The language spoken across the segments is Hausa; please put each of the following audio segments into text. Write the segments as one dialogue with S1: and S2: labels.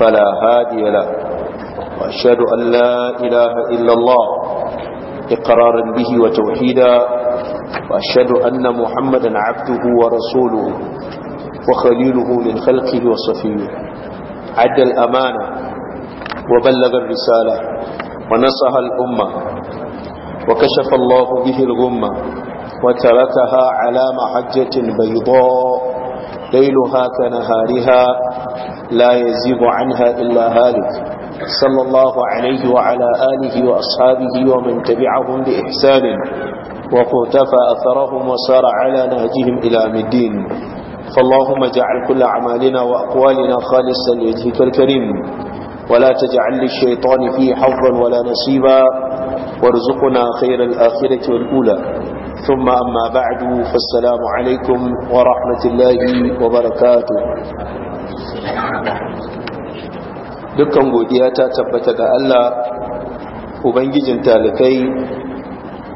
S1: فلا هادي له وأشهد أن لا إله إلا الله إقرارا به وتوحيدا وأشهد أن محمدا عبده ورسوله وخليله من خلقه وصفيه عد الأمانة وبلغ الرسالة ونصها الأمة وكشف الله به الغمة وتركها على محجة بيضاء ليلها كنهارها لا يزيغ عنها إلا هالك صلى الله عليه وعلى آله وأصحابه ومن تبعهم بإحسان وقتفى أثرهم وسار على نهجهم إلى مدين فاللهم اجعل كل أعمالنا وأقوالنا خالصا لوجهك الكريم ولا تجعل للشيطان فيه حظا ولا نصيبا وارزقنا خير الآخرة والأولى ثم أما بعد فالسلام عليكم ورحمة الله وبركاته dukkan godiya ta tabbata ga Allah ubangijin talikai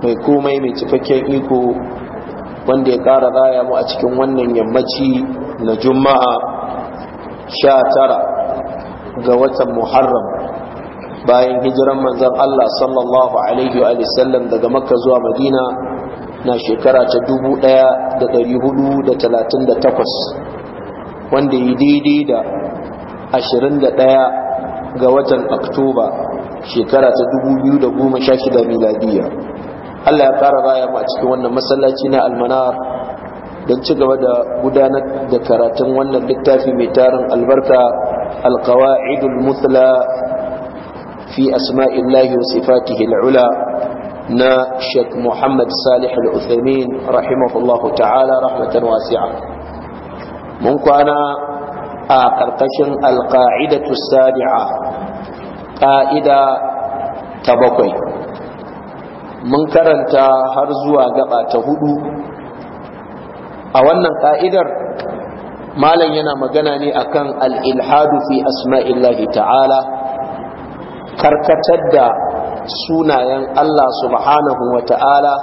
S1: mai komai mai cikakken iko wanda ya ƙara raya mu a cikin wannan yammaci na juma'a sha tara ga watan muharram bayan hijiran manzan Allah sallallahu alaihi wa sallam daga makka zuwa madina na shekara ta 1438 wanda yi daidai da 21 ga watan oktoba shekara ta 2016 miladiya Allah ya ƙara baya mu a cikin wannan masallaci na almanar don ci gaba da gudanar da karatun wannan littafi mai tarin albarka alkawa'idul mutla fi asma'illahi wa sifatihi al'ula na Sheikh Muhammad Salih Al-Uthaymeen rahimahullahu ta'ala rahmatan wasi'a mun kwana a karkashin alqa'idatu sabi'a ƙa'ida ta bakwai mun karanta har zuwa gaba ta hudu a wannan ƙa'idar malam yana magana ne akan al-ilhadu fi asma'illahi ta'ala karkatar da sunayen Allah subhanahu wa ta'ala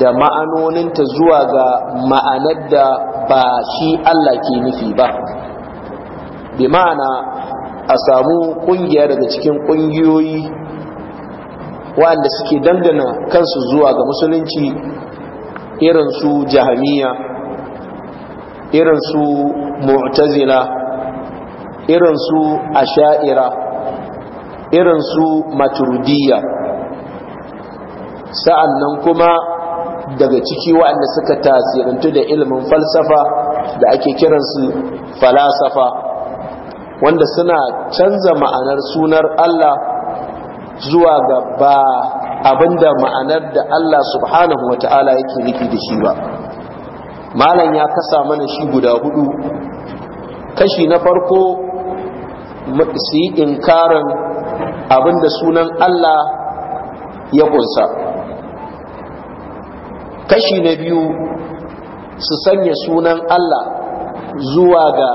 S1: da ma'anoninta zuwa ga ma'anar da ba shi Allah ke nufi ba bi ma'ana a samu ƙungiya daga cikin ƙungiyoyi waɗanda suke dangana kansu zuwa ga musulunci irinsu su jahamiya irin su mu'tazila irin su asha'ira irin su maturidiyya sa'annan kuma daga ciki waɗanda suka tasirantu da ilimin falsafa da ake kiransu falasafa wanda suna canza ma'anar sunar Allah zuwa ga ba abinda ma'anar da Allah subhanahu wata'ala yake nufi da shi ba malam ya kasa mana shi guda hudu kashi na farko su yi abinda sunan Allah ya kunsa kashi na biyu su sanya sunan Allah zuwa ga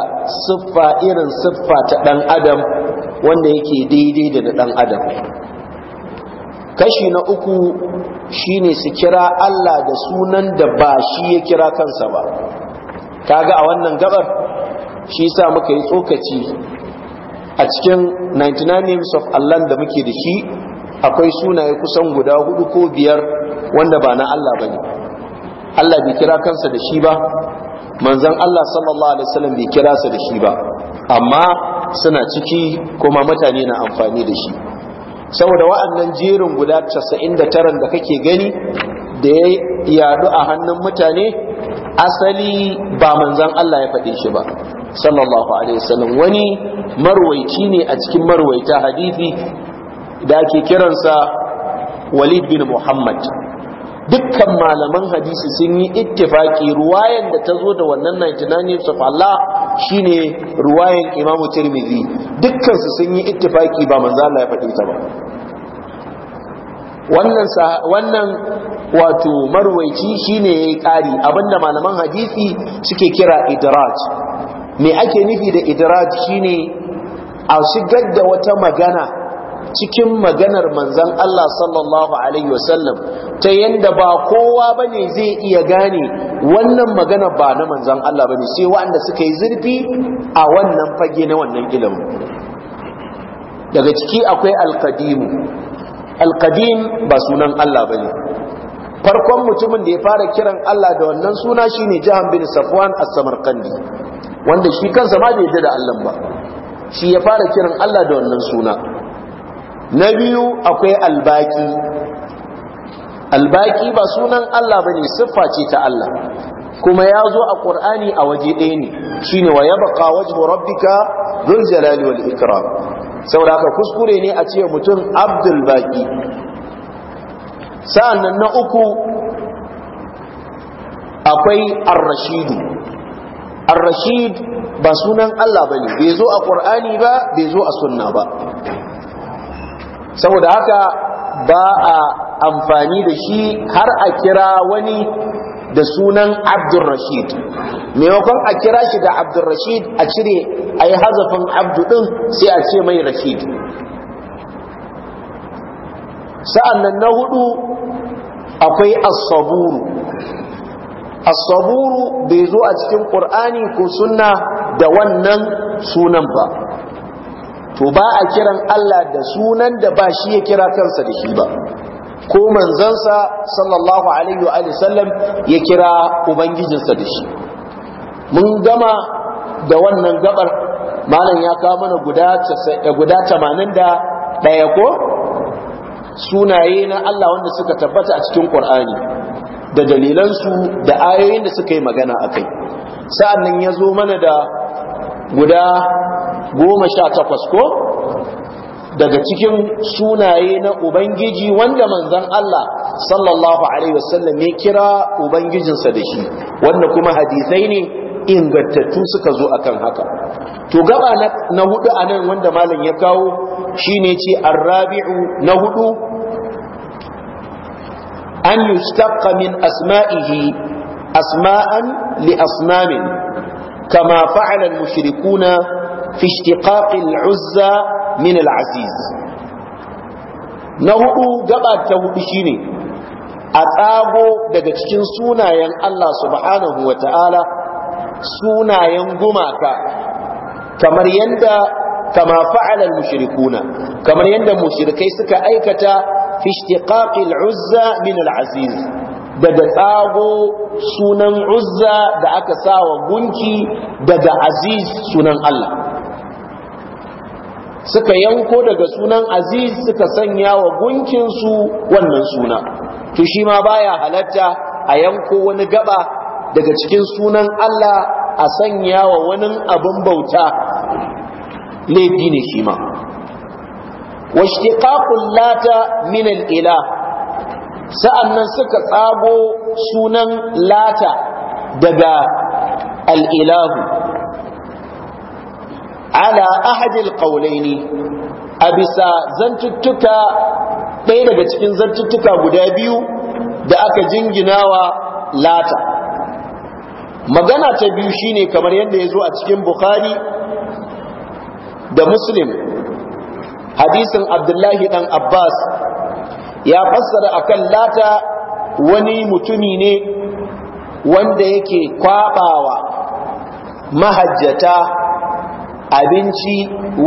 S1: siffa irin siffa ta ɗan adam wanda yake daidai da ɗan adam kashi na uku shine su kira Allah da sunan da ba shi ya kira kansa ba kaga a wannan gabar shi sa muka yi tsokaci a cikin 99 names of Allah da muke da shi akwai sunaye kusan guda hudu ko biyar wanda ba na Allah ba ne. Allah bai kira kansa da shi ba manzon Allah sallallahu alaihi wasallam bai kira sa da shi ba amma suna ciki kuma mutane na amfani da shi saboda wa'annan jerin guda 99 da kake gani da ya yadu a hannun mutane asali ba manzan Allah ya faɗe shi ba sallallahu alaihi wasallam wani marwaici ne a cikin marwaita hadisi da ake kiransa Walid bin Muhammad dukkan malaman hadisi sun yi ittifaki ruwayan da ta zo da wannan 99 of Allah shine ruwayan Imam Tirmidhi dukkan su sun yi ittifaki ba manzan Allah ya faɗe ta ba wannan wannan wato marwaici shine yayi kari abinda malaman hadisi suke kira idraj me ake nufi da idraj shine a shigar da wata magana cikin maganar manzon Allah sallallahu alaihi wasallam ta yanda ba kowa bane zai iya gane wannan magana ba na manzon Allah bane sai waɗanda suka yi zurfi a wannan fage na wannan ilimin daga ciki akwai alkadimu alqadim ba sunan Allah bane farkon mutumin da ya fara kiran Allah da wannan suna shine jihar bin Safwan as-Samarqandi wanda shi kansa ma bai da Allah ba shi ya fara kiran Allah da wannan suna na biyu akwai albaki albaki ba sunan Allah bane siffa ce ta Allah kuma ya zo a ƙur'ani a waje ɗaya ne shine wa yabqa wajhu rabbika dhul jalali wal ikram saboda haka kuskure ne a ce mutum abdul baki sa'annan na uku akwai ar-rashidu ar-rashid ba sunan Allah bane bai zo a Qur'ani ba bai zo a sunna ba saboda haka ba a amfani da shi har a kira wani da sunan abdurrashid maimakon a kira shi da abdurrashid a cire a yi hazafin abdu ɗin sai a ce mai rashid sa'annan na hudu akwai asaburu asaburu bai zo a cikin ƙur'ani ko sunna da wannan sunan ba to ba a kiran Allah da sunan da ba shi ya kira kansa da shi ba ko manzansa sallallahu alaihi wa sallam ya kira ubangijinsa da shi mun gama da wannan gabar malam ya kawo mana eh, guda tamanin da ɗaya ko sunaye na Allah wanda suka tabbata a cikin Qur'ani da dalilansu da ayoyin da suka yi magana akai, kai sa'an nan ya zo mana da guda goma sha takwas ko daga cikin sunaye na ubangiji wanda manzon Allah sallallahu alaihi wasallam ya kira ubangijinsa da shi wanda kuma hadisai ne ingantattu suka zo akan haka to gaba na hudu anan wanda malam ya kawo shine ce arrabi'u na hudu an yustaqqa min asma'ihi asma'an li asnamin kama fa'ala al-mushrikuna fi ishtiqaqi al-'uzza min al-aziz na hudu gaba ta hudu shine a tsago daga cikin sunayen Allah subhanahu wata'ala sunayen gumaka kamar yanda kama fa'ala mushirikuna, mushrikuna kamar yanda mushrikai suka aikata fi ishtiqaqi minal uzza min aziz daga tsago sunan uzza da aka sawa gunki daga aziz sunan Allah suka yanko daga sunan aziz suka sanya wa gunkinsu wannan suna to shi ma baya halatta a yanko wani gaba daga cikin sunan Allah a sanya wa wani abin bauta laifi ne shi ma washtiqaqul lata min al-ila sa'annan suka tsago sunan lata daga al-ilahu ala ahadil qawlaini a bisa zantuttuka ɗaya daga cikin zantuttuka guda biyu da aka jinginawa lata magana ta biyu shine kamar yadda ya zo a cikin bukhari da muslim hadisin abdullahi dan abbas ya fassara akan lata wani mutumi ne wanda yake kwabawa mahajjata abinci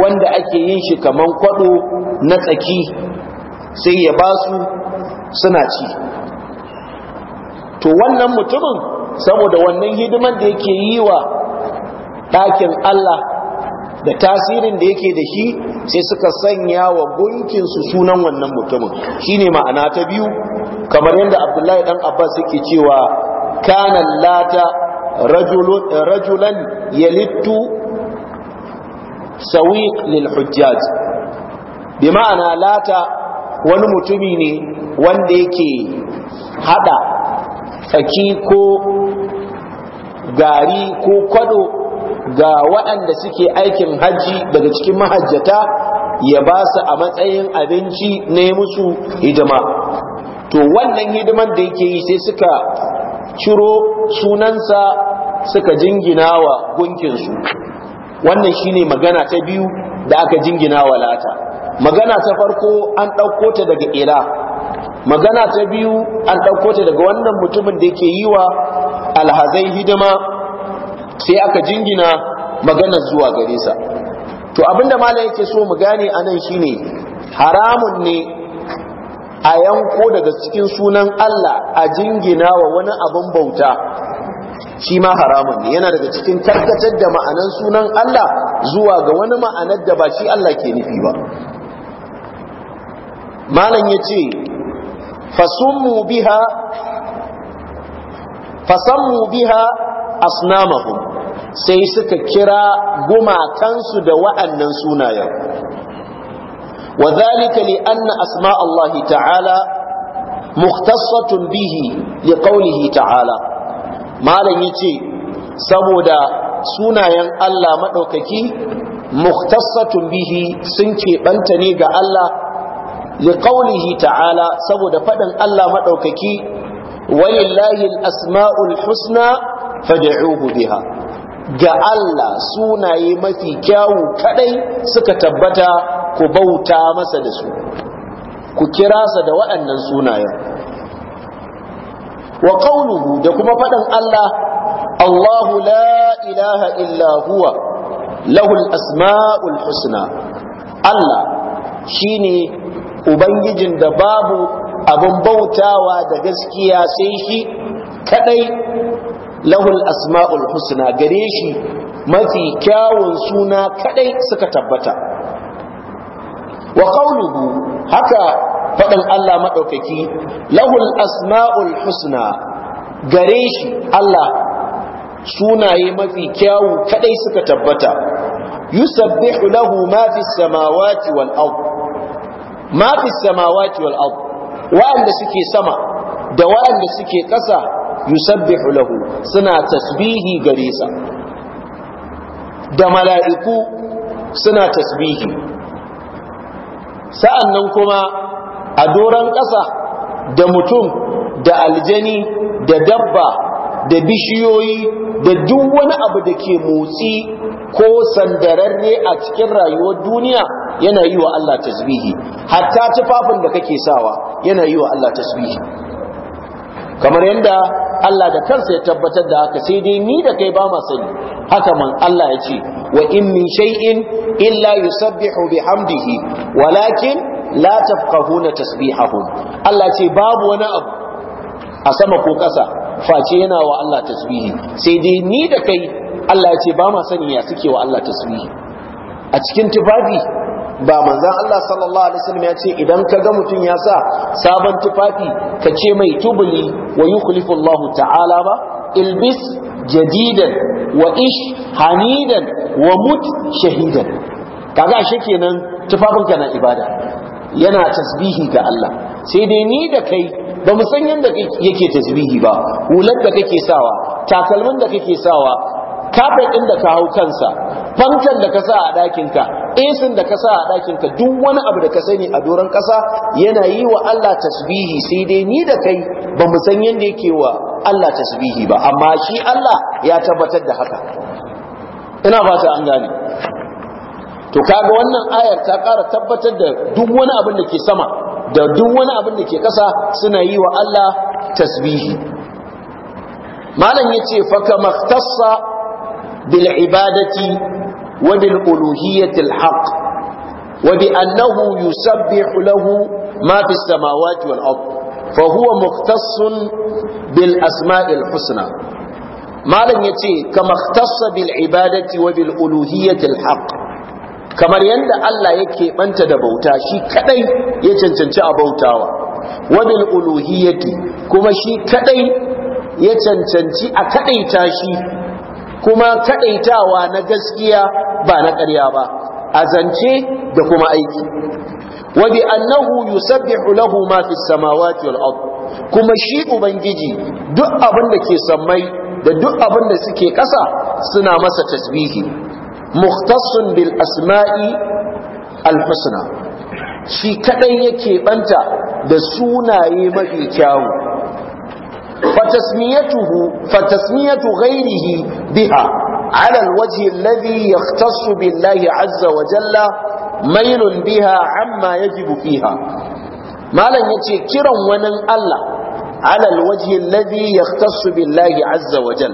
S1: wanda ake yin shi kaman kwado na tsaki sai ya ba su suna ci to wannan mutumin saboda wannan hidiman da yake yi wa ɗakin Allah da tasirin da yake da shi sai suka sanya wa gunkinsu sunan wannan mutumin shine ma'ana ta biyu kamar yadda abdullahi dan abbas yake cewa kanan lata rajulan yalittu sawiq lil hujjaj bi ma'ana lata wani mutumi ne wanda yake hada tsaki ko gari ko kwado ga waɗanda suke aikin hajji daga cikin mahajjata ya ba su a matsayin abinci na ne musu hidima to wannan hidiman da yake yi sai suka ciro sunansa suka jingina wa gunkinsu wannan shine magana ta biyu da aka jingina wa lata magana ta farko an ɗauko ta daga ila magana ta biyu an ɗauko ta daga wannan mutumin da yake yiwa wa alhazai hidima sai aka jingina magana zuwa gare sa to abinda malam yake so mu gane a anan shine haramun ne a yanko daga cikin sunan Allah a jingina wa wani abin bauta shi ma haramun ne yana daga cikin karkatar da ma'anan sunan Allah zuwa ga wani ma'anar da ba shi Allah ke nufi ba malam ya ce fasummu biha fasammu biha asnamahum sai suka kira gumakansu da wa'annan sunayen wa zalika li anna asma Allah ta'ala mukhtassatun bihi li qawlihi ta'ala malam ce saboda sunayen Allah maɗaukaki, muktasatun bihi sun keɓanta ne ga Allah liqaulihi ta'ala saboda faɗin Allah maɗaukaki, walillahi asmaul husna fad'uhu biha ga Allah sunaye mafi kyawu kadai suka tabbata ku bauta masa da su ku kira sa da waɗannan sunayen wa da kuma faɗin Allah Allahu la ilaha illa huwa lahul asma'ul husna Allah shine ubangijin da babu abin bautawa da gaskiya sai shi kaɗai lahul asma'ul husna gare shi mafi kyawun suna kaɗai suka tabbata wa haka faɗin Allah maɗaukaki lahul asma'ul husna gare shi Allah sunaye mafi kyawu kadai suka tabbata yusabbihu lahu ma fis samawati wal ard ma fis samawati wal ard wa'anda suke sama da wa'anda suke ƙasa yusabbihu lahu suna tasbihi gare sa da mala'iku suna tasbihi sa'an nan kuma a doron ƙasa da mutum da aljani da dabba da bishiyoyi da duk wani abu da ke motsi ko sandararre a cikin rayuwar duniya yana yi wa Allah tasbihi hatta tufafin da kake sawa yana yi wa Allah tasbihi kamar yadda Allah da kansa ya tabbatar da haka sai dai ni da kai ba ma sani haka man Allah ya ce wa in min shay'in illa yusabbihu bihamdihi walakin la tafqahuna tasbihahum Allah ce babu wani abu a sama ko ƙasa face yana wa Allah tasbihi sai dai ni da kai Allah ya ce ba ma sani ya suke wa Allah tasbihi a cikin tufafi ba manzan Allah sallallahu alaihi wasallam ya ce idan ka ga mutum ya sa sabon tufafi ka ce mai tubuli wa yukhlifu Allah ta'ala ba ilbis jadidan wa ish hanidan wa mut shahidan kaga ashe kenan tufafinka na ibada yana tasbihi ga Allah sai dai ni da kai ba mu san yanda yake tasbihi ba hular da kake sawa takalmin da kake sawa kafet ɗin da ka hau kansa fankan da ka sa a ɗakinka. sun da ka sa a ɗakin ka duk wani abu da ka sani a doron ƙasa yana yi wa Allah tasbihi sai dai ni da kai ba mu san yadda yake wa Allah tasbihi ba amma shi Allah ya tabbatar da haka ina ba ta an gane to kaga wannan ayar ta ƙara tabbatar da duk wani abu da ke sama da duk wani abu da ke ƙasa suna yi wa Allah tasbihi malam yace fa kama bil ibadati وبالألوهية الحق وبأنه يسبح له ما في السماوات والأرض فهو مختص بالأسماء الحسنى ما لن يتي كما اختص بالعبادة وبالألوهية الحق kamar yadda Allah ya keɓanta da bauta shi kaɗai ya cancanci a bautawa wabil uluhiyyati kuma shi kaɗai ya cancanci a kadaita shi kuma kadaitawa na gaskiya ba na ƙarya ba a zance da kuma aiki wa bi annahu yusabbihu lahu ma fi samawati wal ard kuma shi ubangiji duk abin da ke sammai da duk abin da suke ƙasa suna masa tasbihi mukhtassun bil asma'i al husna shi kadai yake banta da sunaye mafi kyawu فتسميته فتسمية غيره بها على الوجه الذي يختص بالله عز وجل ميل بها عما يجب فيها ما لن يتي كرا ونن الله على الوجه الذي يختص بالله عز وجل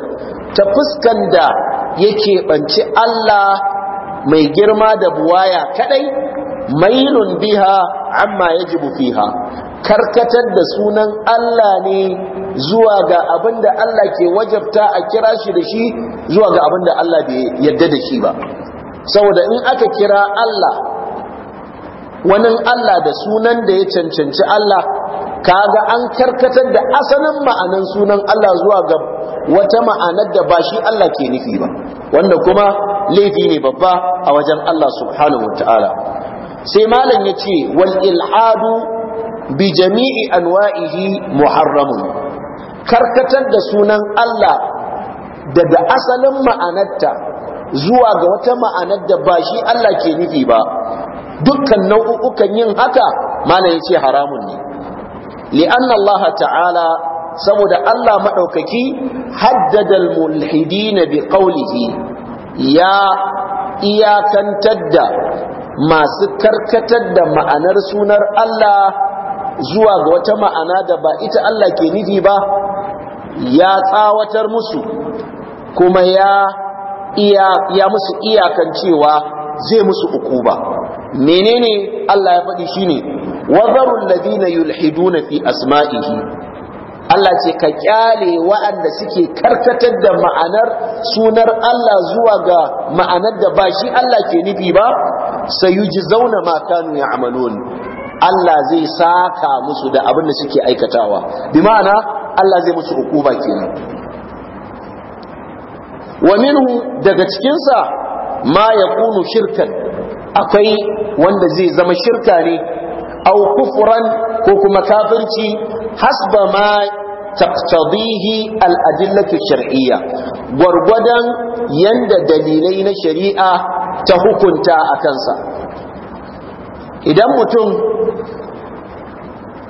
S1: تفسكن دا yake banci Allah mai girma da buwaya kadai mailun biha amma yajibu fiha karkatar da sunan Allah ne zuwa ga abin da Allah ke wajabta a kira shi da shi zuwa ga abin da Allah bai yadda da shi ba saboda in aka kira Allah wani Allah da sunan da ya cancanci Allah kaga an karkatar da asalin ma'anan sunan Allah zuwa ga wata ma'anar da ba shi Allah ke nufi ba wanda kuma laifi ne babba a wajen Allah subhanahu wa ta'ala sai malam ya ce wal ilhadu bi jami'i anwa'ihi muharramun karkatar da sunan Allah daga asalin ma'anarta zuwa ga wata ma'anar da ba shi Allah ke nufi ba dukkan nau'ukan yin haka malam yace haramun ne li'anna Allah ta'ala saboda Allah maɗaukaki haddadal mulhidina bi qawlihi ya iyakantar da masu karkatar da ma'anar sunar Allah zuwa ga wata ma'ana da ba ita Allah ke nufi ba ya tsawatar musu kuma ya iya ya musu iyakan cewa zai musu ukuba menene Allah ya faɗi shine wadharul ladina yulhiduna fi asma'ihi Allah ce ka kyale waɗanda suke karkatar da ma'anar sunar Allah zuwa ga ma'anar da ba shi Allah ke nufi ba sayujzauna ma kanu ya'malun Allah zai saka musu da abin da suke aikatawa bi ma'ana Allah zai musu hukuma kenan wa minhu daga cikinsa ma yakunu shirkan akwai wanda zai zama shirka ne aw kufran ko kuma kafirci hasba ma taqtadihi al-adillatu shar'iyya gwargwadon yanda dalilai na shari'a ta hukunta a kansa idan mutum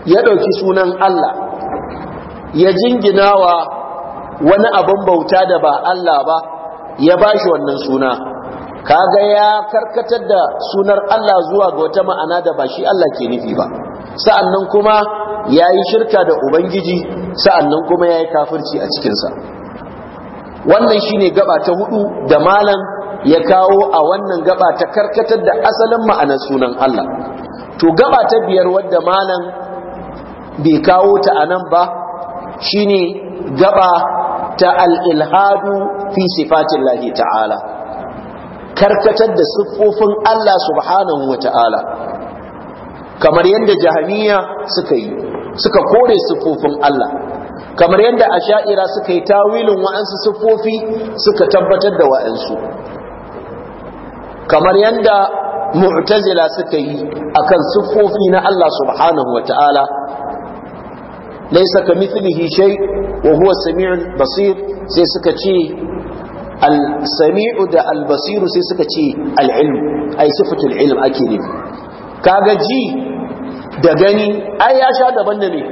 S1: ya ɗauki sunan Allah ya jingina wa wani abin bauta da ba Allah ba ya ba shi wannan suna kaga ya karkatar da sunar Allah zuwa ga wata ma'ana da ba shi Allah ke nufi ba sa'annan kuma ya yi shirka da Ubangiji sa'annan kuma ya yi kafirci a cikinsa wannan shi ne gaba ta hudu da malam ya kawo a wannan gaba ta karkatar da asalin ma'anar sunan Allah to gaba ta biyar wadda malam bai kawo ta anan ba shine gaba ta al-ilhadu fi sifatillahi ta'ala karkatar da siffofin Allah subhanahu wata'ala kamar yadda jahamiya suka yi suka kore siffofin Allah kamar yadda asha'ira suka yi tawilin wa'ansu siffofi suka tabbatar da wa'ansu kamar yadda mu'tazila suka yi akan siffofi na Allah subhanahu wata'ala laysa kamithlihi shay wa huwa samiul basir sai suka ce al-sami'u da al-basiru sai suka ce al-ilm ay sifatul ilm ake nufi kaga ji da gani ai ya sha daban da ne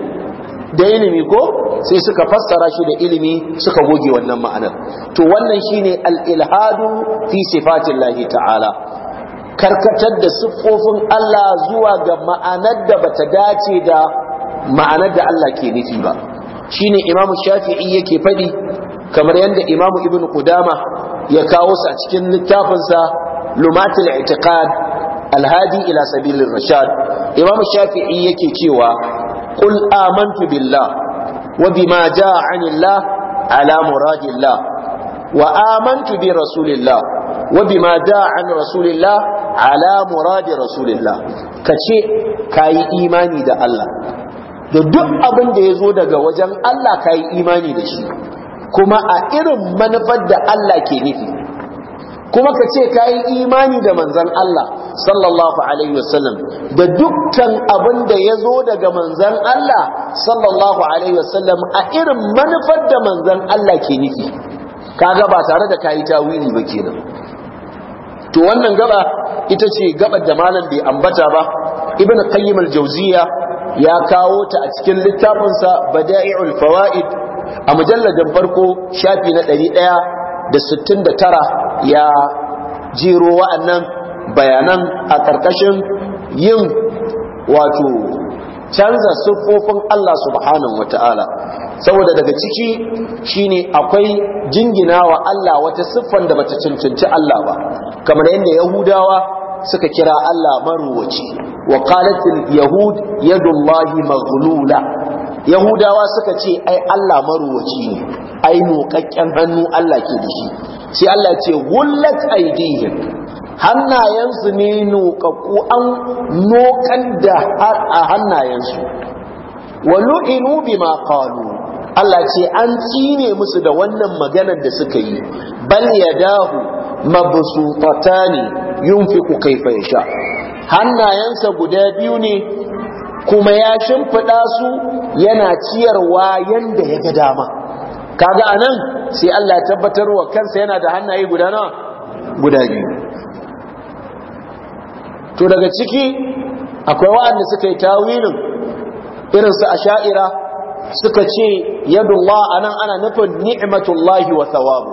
S1: da ilimi ko sai suka fassara shi da ilimi suka goge wannan ma'anar to wannan shine al-ilhadu fi sifatillahi ta'ala karkatar da siffofin Allah zuwa ga ma'anar da bata dace da ma'anar da Allah ke nufi ba shine imamu shafi'i yake faɗi kamar yadda imamu ibn qudama ya kawo su a cikin littafinsa lumatul i'tiqad alhadi ila sabilir rashad imamu shafi'i yake cewa qul amantu billah wa bima jaa anillah ala muradillah wa amantu bi rasulillah wa bima jaa an rasulillah ala muradi rasulillah kace kayi imani da Allah da duk abin da zo daga wajen Allah kayi imani da shi kuma a irin manufar da Allah ke nufi kuma ka ce ka yi imani da manzan Allah sallallahu alaihi wasallam da dukkan abin da ya zo daga manzan Allah sallallahu alaihi wasallam a irin manufar da manzan Allah ke nufi kaga ba tare da kayi tawili ba kenan to wannan gaba ita ce gaba da malam bai ambata ba ibnu qayyim al-jawziya ya kawo ta a cikin littafinsa bada'i'ul fawaid a mujalladin farko shafi na 169 ya jero wa'annan bayanan a ƙarƙashin yin wato canza siffofin Allah subhanahu wata'ala saboda daga ciki shine akwai jingina wa Allah wata siffan da bata cancanci Allah ba kamar yadda Yahudawa suka kira Allah maruwaci wa qalatil yahud yadullahi maghlula Yahudawa suka ce ai Allah maruwaci ne ai nokakken hannu Allah ke da shi sai Allah ce gullat aidihim hannayensu ne nokakku an nokan da har a hannayensu Walu inu bi ma qalu Allah ce an cine musu da wannan maganar da suka yi bal yadahu mabsutatani yunfiqu kayfa yasha hannayensa guda biyu ne kuma ya shimfiɗa su yana ciyarwa yanda ya ga dama kaga anan sai Allah ya tabbatar wa kansa yana da hannaye guda nawa guda biyu to daga ciki akwai waɗanda suka yi tawilin irinsu a sha'ira suka ce yadullah nan ana nufin "Ni'imatullahi wa tsawabu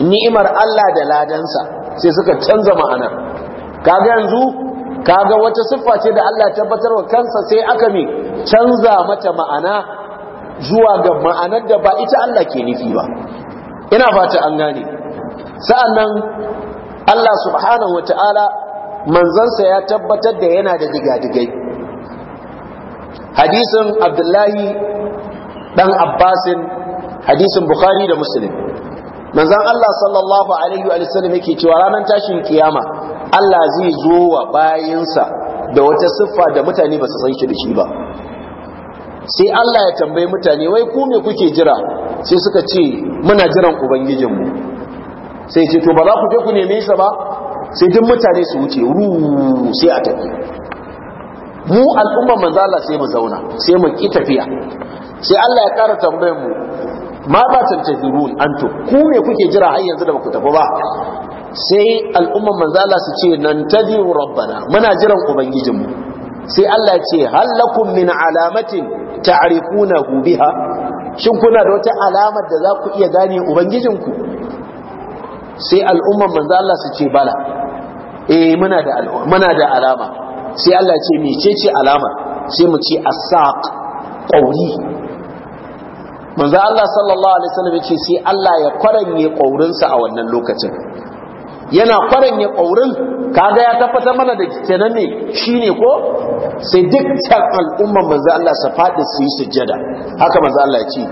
S1: ni'imar Allah da ladansa sai suka canza ma'ana kaga yanzu ka kaga wata siffa ce da Allah tabbatar wa kansa sai aka mai canza mata ma'ana zuwa ga ma'anar da ba ita Allah ke nufi ba ina fata an gane sa'annan Allah subhanahu wa ta'ala manzansa ya tabbatar da yana da digadigai hadisin abdullahi dan abbasin hadisin bukhari da muslim manzan Allah sallallahu alaihi wa sallam yake cewa ranar tashin kiyama Allah zai zo wa bayinsa da wata siffa da mutane ba su san shi da shi ba sai Allah ya tambayi mutane wai ku me kuke jira sai suka ce muna jiran ubangijinmu sai ce to ba za ku je ku neme shi ba sai duk mutane su wuce ru sai a tafi mu al'umma manzala sai mu zauna sai mu ki tafiya sai Allah ya ƙara tambayar mu ma ba tantafirun anto ku ne kuke jira har yanzu da baku tafi ba sai al'umma manzala su ce nan tadiru rabbana muna jiran mu, sai Allah ya ce halakum min alamatin ta'rifunahu biha shin kuna da wata alamar da za ku iya gane ubangijinku sai al'umman manzo Allah su ce bala eh muna da muna da alama sai Allah ce mecece alama sai mu ce asaq saq qauri manzo Allah sallallahu alaihi wasallam ya ce sai Allah ya kwaranye ƙaurinsa a wannan lokacin yana kwaran ya ƙaurin kaga ya tabbatar mana da kenan ne shi ne ko sai duk can al'umman manzo Allah sa faɗi su yi sujjada haka manzo Allah ya ce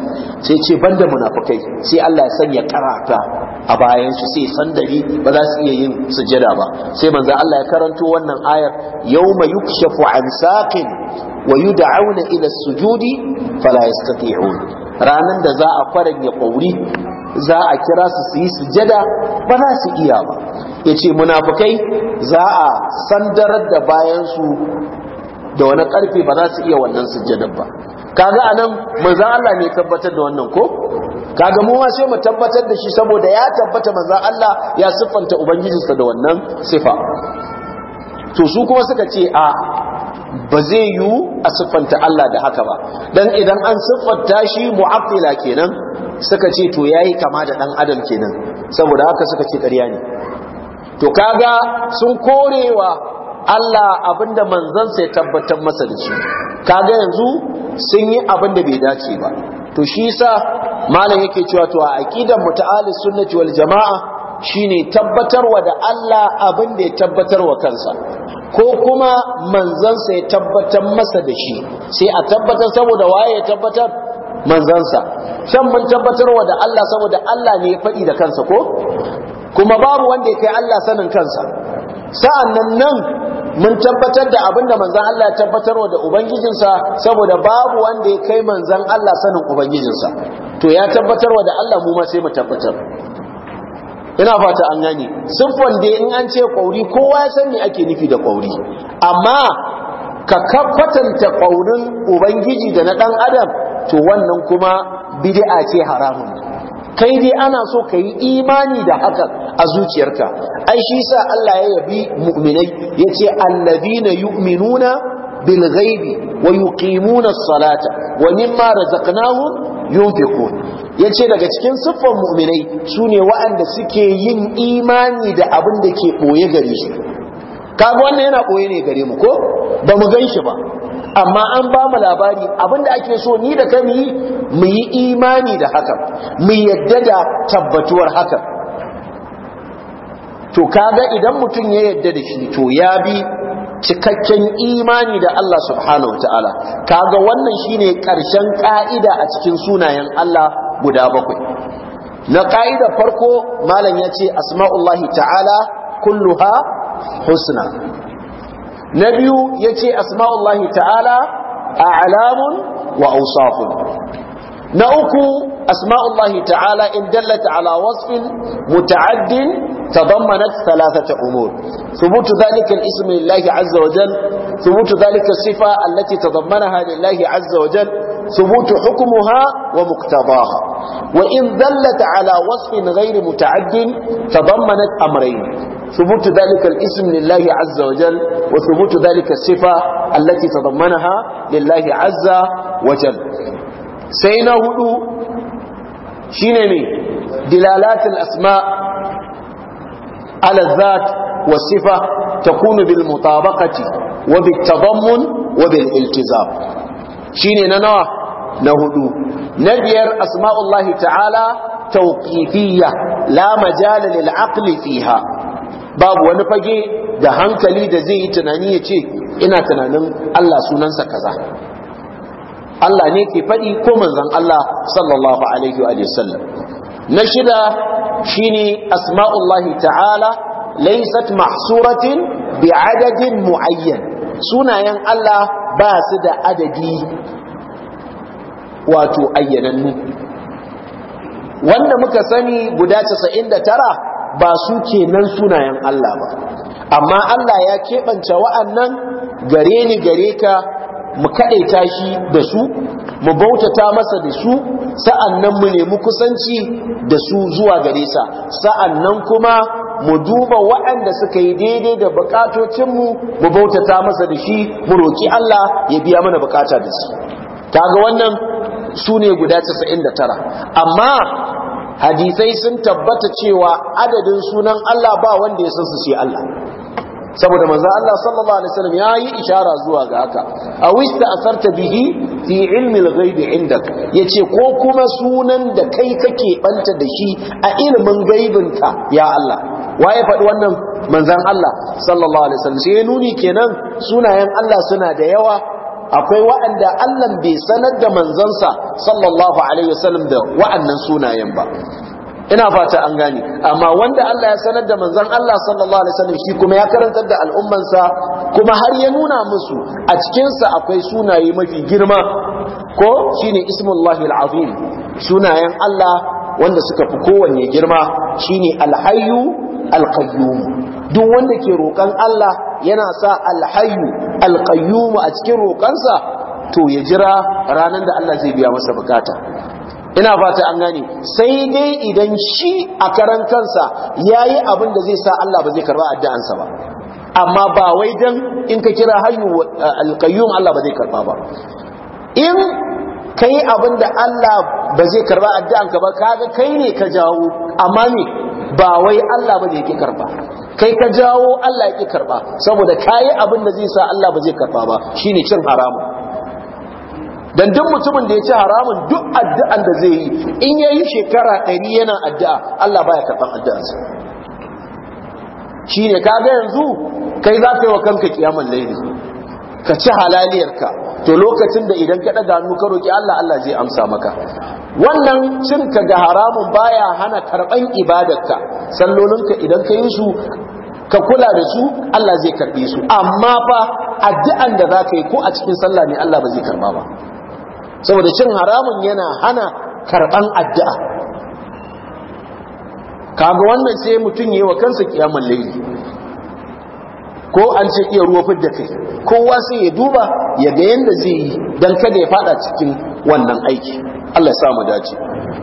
S1: sai ce banda munafikai sai Allah ya sanya karata a bayan su sai sandari ba za su iya yin sujjada ba sai manzo Allah ya karanto wannan ayar yawma yukshafu an saqin wa yud'auna ila sujudi fala yastati'un ranan da za a faranya ƙauri za a kira su su yi sujada ba za su iya ba ya ce munafukai za a sandarar da bayansu da wani karfe ba za su iya wannan sujjadar ba kaga anan manzan Allah ne tabbatar da wannan ko kaga mu sai mu tabbatar da shi saboda ya tabbata manzan Allah ya siffanta ubangijinsa da wannan sifa to su kuma suka ce a ba zai yiwu a siffanta Allah da haka ba dan idan an siffanta shi mu'abdila kenan suka ce to yayi kama da ɗan adam kenan saboda haka suka ce ƙarya ne to kaga sun korewa Allah abinda manzansa ya tabbatar masa da shi kaga yanzu sun yi abinda bai dace ba to shi yasa malam yake cewa to a aqidar muta'ali sunnati wal jamaa shine tabbatarwa da Allah abin da ya tabbatarwa kansa ko kuma manzansa ya tabbatar masa da shi sai a tabbatar saboda waye ya tabbatar manzansa Shan mun tabbatarwa da Allah saboda Allah ne ya faɗi da kansa ko kuma babu wanda ya kai Allah sanin kansa sa'annan nan mun tabbatar da abinda manzan Allah ya tabbatarwa da ubangijinsa saboda babu wanda ya kai manzan Allah sanin ubangijinsa to ya tabbatarwa da Allah mu ma sai mu tabbatar ina fata an gani siffan dai in an ce kwauri kowa ya sani ake nufi da kwauri amma ka kafatanta kwaurin ubangiji da na ɗan adam to wannan kuma bid'a ce haramun kai dai ana so ka yi imani da haka a zuciyarka ai shi sa Allah ya yabi mu'minai yace allazina yu'minuna بالغيب ويقيمون wa ومما رزقناهم salata yace daga cikin siffan mu'minai sune waɗanda suke yin imani da abin da ke boye gare su kaga wannan yana boye ne gare mu ko ba mu gan ba amma an ba mu labari abinda ake so ni da kai yi mu yi imani da haka mu yadda da tabbatuwar haka to kaga idan mutum ya yadda da shi to ya bi cikakken imani da Allah subhanahu ta'ala kaga wannan shine karshen ka'ida a cikin sunayen Allah guda bakwai na ka'ida farko malam ya ce asma'ullahi ta'ala kulluha husna na biyu ya ce asma'ullahi ta'ala a'lamun wa ausafun na uku asma'ullahi ta'ala in dallat ala wasfin muta'addin tadammanat thalathata umur thubutu dhalika al-ism lillahi azza wa jal thubutu dhalika sifa allati tadammanaha lillahi azza wa jal ثبوت حكمها ومقتضاها وإن دلت على وصف غير متعد تضمنت أمرين ثبوت ذلك الاسم لله عز وجل وثبوت ذلك الصفة التي تضمنها لله عز وجل سينهدو shine ne dilalatul asma ala zat wa sifa takunu bil mutabaqati wa bit tadammun wa bil iltizam shine na nawa na hudu na biyar asma'ullahi ta'ala tawqifiyya la majala lil aqli fiha babu wani fage da hankali da zai yi tunani ya ce ina tunanin Allah sunansa kaza Allah ne ke faɗi ko manzon Allah sallallahu alaihi wa sallam na shida shine asma'ullahi ta'ala laysat mahsuratin bi adadin muayyan sunayen Allah ba su da adadi wato ayyanannu wanda muka sani guda 99 ba su kenan sunayen Allah ba amma Allah ya keɓance wa'annan gare ni gare ka mu kaɗaita shi da su mu bautata masa da su sa'annan mu nemi kusanci da su zuwa gare sa sa'annan kuma mu duba waɗanda suka yi daidai da bukatocinmu mu bautata masa da shi mu roƙi Allah ya biya mana bukata da su Ta ga wannan su ne guda 99 amma hadisai sun tabbata cewa adadin sunan Allah ba wanda ya san su sai Allah saboda manzo Allah sallallahu alaihi wasallam yayi ishara zuwa ga haka awista asarta bihi fi ilmi al-ghaib indak yace ko kuma sunan da kai kake banta da shi a ilimin gaibinka ya Allah waye faɗi wannan manzan Allah sallallahu alaihi wasallam sai nuni kenan sunayen Allah suna da yawa akwai waɗanda Allah bai sanar da manzansa sallallahu alaihi wasallam da waɗannan sunayen ba ina fata an gane amma wanda Allah ya sanar da manzon Allah sallallahu alaihi wasallam shi kuma ya karantar da al'ummansa kuma har ya nuna musu a cikin sa akwai sunaye mafi girma ko shine ismullahi alazim sunayen Allah wanda suka fi kowanne girma shine alhayyu alqayyum duk wanda ke roƙan Allah yana sa alhayyu alqayyum a cikin roƙansa to ya jira ranar da Allah zai biya masa bukata ina fata an gane sai dai idan shi a karan kansa ya yi abin da zai sa Allah ba zai karba addu'ansa ba amma ba wai dan in ka kira hayyu eh, alqayyum Allah ba zai karba ba in kai abin da Allah ba zai karba addu'anka ba kaga kai ne ka jawo amma ne ba wai Allah ba zai karba kai ka jawo Allah ya karba saboda yi abin da zai sa Allah ba zai karba ba shine cin haramun dan duk mutumin da ya ci haramun duk addu'an da zai yi in yayi shekara 100 yana addu'a Allah baya karban addu'arsa shine kaga yanzu kai za ka yi wa kanka kiyaman laili ka ci halaliyarka to lokacin da idan ka ɗaga hannu ka roki Allah Allah zai amsa maka wannan cin ka ga haramun baya hana karban ibadarka sallolinka idan ka yi su ka kula da su Allah zai karbe su amma fa addu'an da za ka yi ko a cikin sallah ne Allah ba zai karba ba saboda cin haramun yana hana karɓan addu'a kaga wannan sai mutum yi wa kansa kiyamun laili ko an ce iya ruwa fidda kai kowa sai ya duba ya ga yadda zai yi don kada ya fada cikin wannan aiki Allah ya samu dace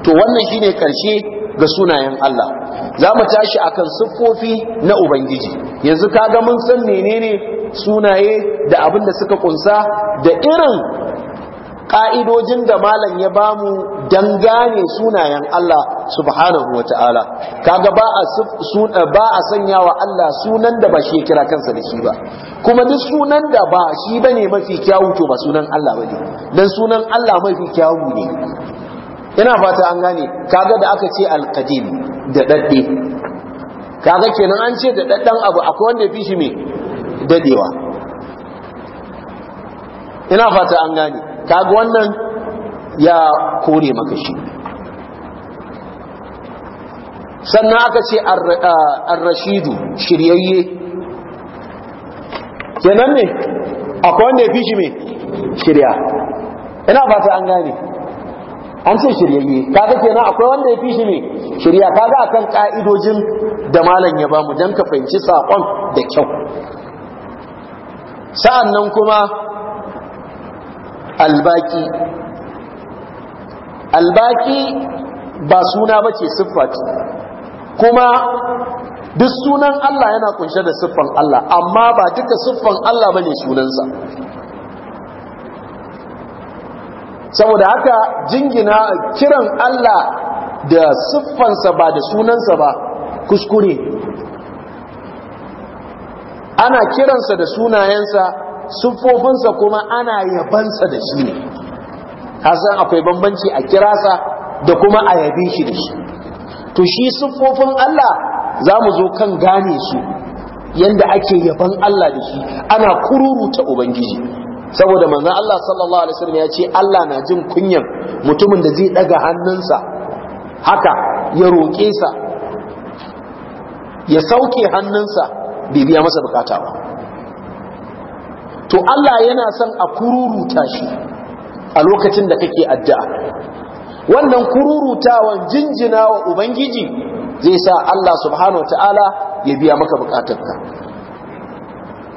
S1: to wannan shine karshe ga sunayen Allah za mu tashi kan siffofi na ubangiji yanzu kaga mun san menene sunaye da abin da suka kunsa da irin ƙa'idojin da malam ya bamu dangane sunayen Allah subhanahu wa ta'ala kaga eh, ba a sanya wa Allah sunan da ba shi kira kansa da shi ba kuma duk sunan da ba shi ba ne mafi kyawu to ba sunan Allah ne, don sunan Allah mafi kyawu ne ina fata an gane kaga da aka ce alqadim da daɗe, kaga kenan an ce da daddan abu akwai wanda ya fi shi mai dadewa ina fata an gane kaga wannan ya kore maka shi sannan aka ce ar-rashidu shiryayye kenan ne akwai wanda ya fi shi me shirya ina fata an gane an ce shiryayye kaga kenan akwai wanda ya fi shi me shirya kaga akan ka'idojin da malam ya bamu don ka fahimci sakon da kyau sa'an nan kuma albaki albaki ba suna ba ce kuma duk sunan Allah yana kunshe da siffan Allah amma ba duka siffan Allah bane sunansa saboda haka jingina kiran Allah da siffansa ba da sunansa ba kuskure ana kiransa da sunayensa siffofinsa kuma ana yabansa da shi ne san akwai bambanci a kirasa da kuma a yabe shi da shi to shi siffofin Allah za mu zo kan gane su yanda ake yaban Allah da shi ana kururuta ubangiji saboda manzon Allah sallallahu alaihi wasallam ya ce Allah na jin kunyan mutumin da zai daga hannunsa haka ya roƙe sa ya sauke hannunsa bai biya masa bukata ba to Allah yana son a kururuta shi a lokacin da kake addu'a wannan kururutawan jinjina wa ubangiji zai sa Allah subhanahu wataala ya biya maka bukatunka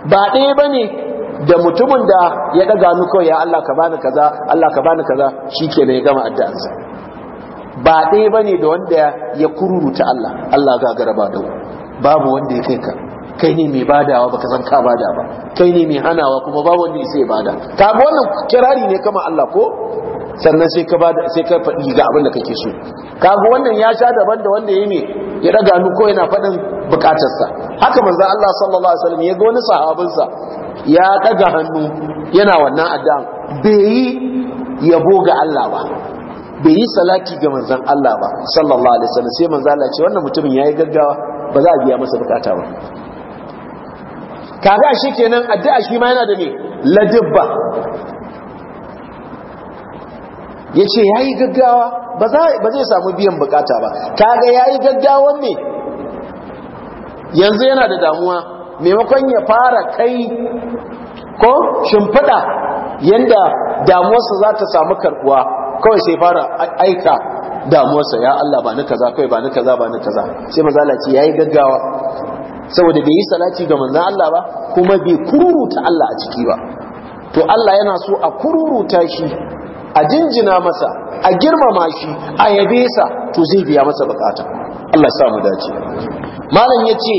S1: ba ɗaya bane da mutumin da ya daga ni kawai ya Allah ka bani kaza Allah ka bani kaza shikenan ya gama addu'arsa ba ɗaya bane da wanda ya kururuta Allah Allah ga garaba da babu wanda ya kai ka kai ne mai badawa baka san ka bada ba kai ne mai hanawa kuma ba wanda sai bada ka ga wannan kirari ne kama Allah ko sannan sai ka bada sai ka fadi ga abin da kake so ka ga wannan ya sha daban da wanda yayi ya daga nu ko yana faɗin bukatarsa haka manzo Allah sallallahu alaihi wasallam ya ga wani sa ya daga hannu yana wannan addan bai yi yabo ga Allah ba bai yi salati ga manzon Allah ba sallallahu alaihi wasallam sai manzo Allah ya ce wannan mutumin yayi gaggawa ba za a biya masa bukata ba kaga shi kenan addu'a shi ma yana da me ladibba yace yayi gaggawa ba zai samu biyan bukata ba kaga yayi gaggawa ne yanzu yana da damuwa maimakon ya fara kai ko shimfiɗa yanda damuwarsa za ta samu karbuwa kawai sai fara aika damuwarsa ya Allah ba ni kaza kai ba ni kaza ba ni kaza sai mazalaci yayi gaggawa saboda bai yi salati ga manzan Allah ba kuma bai kururuta Allah a ciki ba to Allah yana so a kururuta shi a jinjina masa a girmama shi a yabe sa to zai biya masa bukata Allah sa mu dace malam yace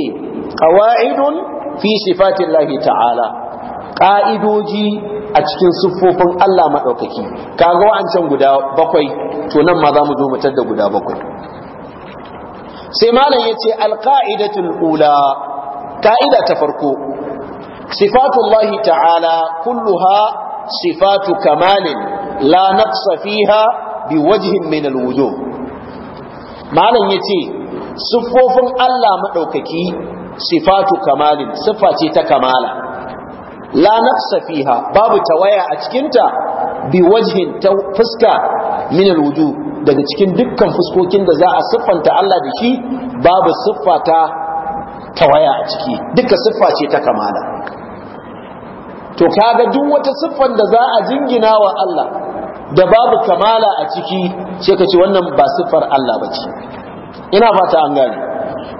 S1: qawaidun fi Allah ta'ala ƙa'idoji a cikin siffofin Allah maɗaukaki kaga wa'ancan guda bakwai to nan ma za mu zo mu da guda bakwai sai malam yace alqaidatul ula kaida ta farko sifatullahi ta'ala kulluha sifatu kamalin la naqsa fiha wajhin min alwujuh malam yace siffofin Allah madaukaki sifatu kamalin siffa ta kamala la naqsa fiha babu tawaya a cikinta bi ta fuska min alwujuh daga cikin dukkan fuskokin da za a siffanta Allah da shi babu siffa ta tawaya a ciki duka siffa ce ta kamala to kaga duk wata siffan da za a jingina wa Allah da babu kamala a ciki sai ka ce wannan ba siffar Allah ba ce ina fata an gane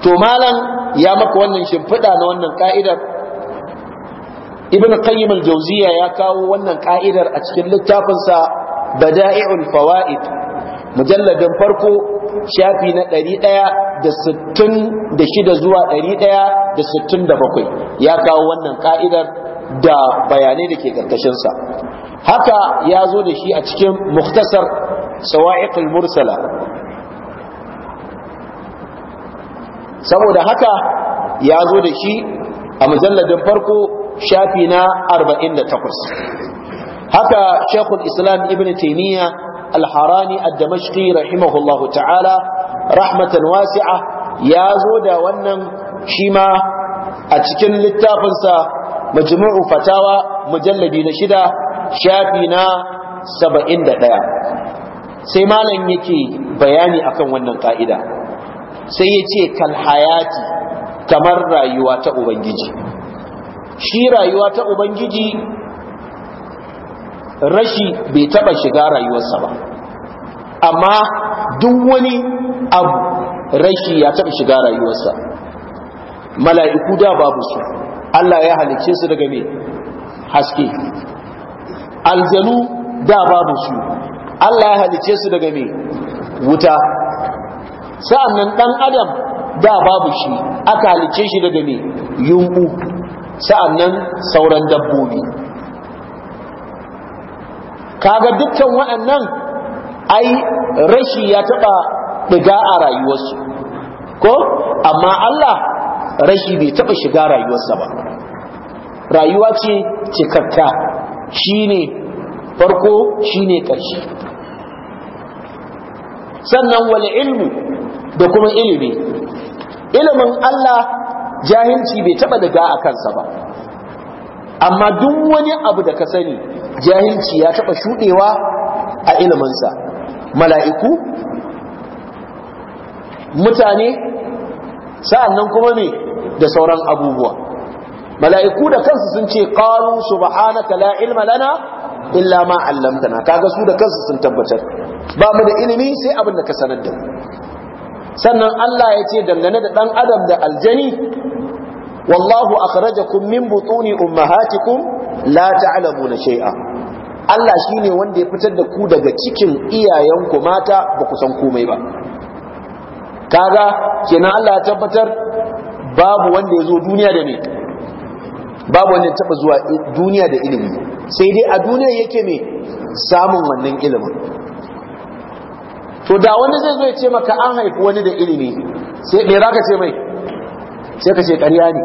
S1: to malam ya maka wannan shimfiɗa na wannan ka'idar ibn qayyim al-jawziya ya kawo wannan ka'idar a cikin littafinsa bada'i'ul fawaid mujalladin farko shafi na 166 zuwa 167 ya kawo wannan ka'idar da bayanai da ke karkashinsa haka ya zo da shi a cikin muktasar sawa'iqul mursala saboda haka ya zo da shi a mujalladin farko shafi na 48 haka shekul islam ibn taimiyya Alharani harani ad-damashqi rahimahullahu ta'ala rahmatan wasi'a ya zo da wannan shima a cikin littafinsa majmu'u fatawa mujalladi na shida shafi na saba'in da ɗaya sai malam yake bayani akan wannan ka'ida sai yace ce kalhayati kamar rayuwa ta ubangiji shi rayuwa ta ubangiji rashi bai taba shiga rayuwarsa ba amma duk wani abu rashi ya taba shiga rayuwarsa mala'iku da babu su Allah ya halicce su daga me haske aljanu da babu su Allah ya halicce su daga me wuta sa'annan dan adam da babu shi aka halicce shi daga me yunku sa'annan sauran dabbobi kaga dukkan waɗannan ai rashi ya taɓa ɗiga a rayuwarsu ko amma Allah rashi bai taɓa shiga rayuwarsa ba rayuwa ce cikakka shine farko shine ƙarshe sannan wani ilmu da kuma ilimi ilimin Allah jahilci bai taɓa daga a kansa ba amma duk wani abu da ka sani jahilci ya taɓa shuɗewa a iliminsa mala'iku mutane sa'an nan kuma ne da sauran abubuwa mala'iku da kansu sun ce ƙalu subhanaka la ilma lana illa ma 'allamtana kaga su da kansu sun tabbatar ba mu da ilimi sai abin da ka sanar da mu sannan Allah ya ce dangane da ɗan adam da aljani wallahu akhrajakum min butuni ummahatikum la ta'lamuna shay'a Allah shi ne wanda ya fitar da ku daga cikin iyayenku mata ba ku san komai ba kaga kenan Allah ya tabbatar babu wanda ya zo duniya da ni? babu wanda ya taba zuwa duniya da ilimi sai dai a duniya yake me samun wannan ilimin to da wani zai zo ya ce maka an haifi wani da ilimi sai me zaka ce mai sai ka ce ƙarya ne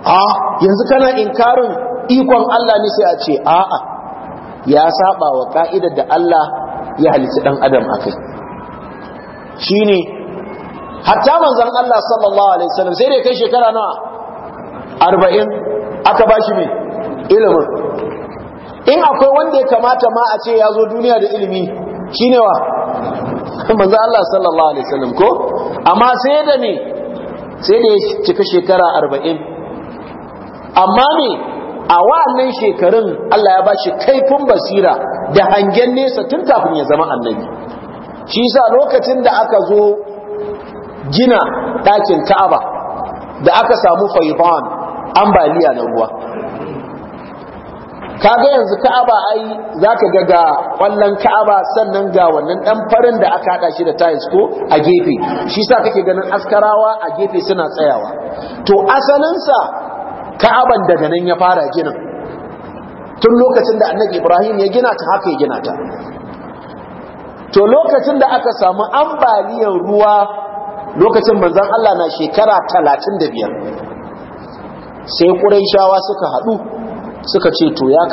S1: a ah, yanzu kana inkarin ikon Allah ne sai a ce a'a ya saba wa ka'idar da Allah ya halitta dan adam akai shine hatta manzon Allah sallallahu alaihi wasallam sai dai kai shekara nawa 40 aka bashi me ilimin in akwai wanda ya kamata ma a ce ya zo duniya da ilimi shine wa manzon Allah sallallahu alaihi wasallam ko amma sai da ne sai da ya cika shekara arba'in amma ne a wannan shekarun Allah ya bashi kaifin basira da hangen nesa tun kafin ya zama annabi shi sa lokacin da aka zo gina ɗakin Ka'aba da aka samu faifan ambaliya na ruwa ga yanzu Ka'aba ai ka ga ga kwallon Ka'aba sannan ga wannan ɗan farin da aka haɗa shi da tiles ko a gefe shi sa kake ganin askarawa a gefe suna tsayawa to asalin sa ka'aban daga nan ya fara ginin tun lokacin da annabi ibrahim ya gina ta haka ya gina ta to lokacin da aka samu ambaliyar ruwa lokacin manzon Allah na shekara 35 sai shawa suka hadu suka ce to ya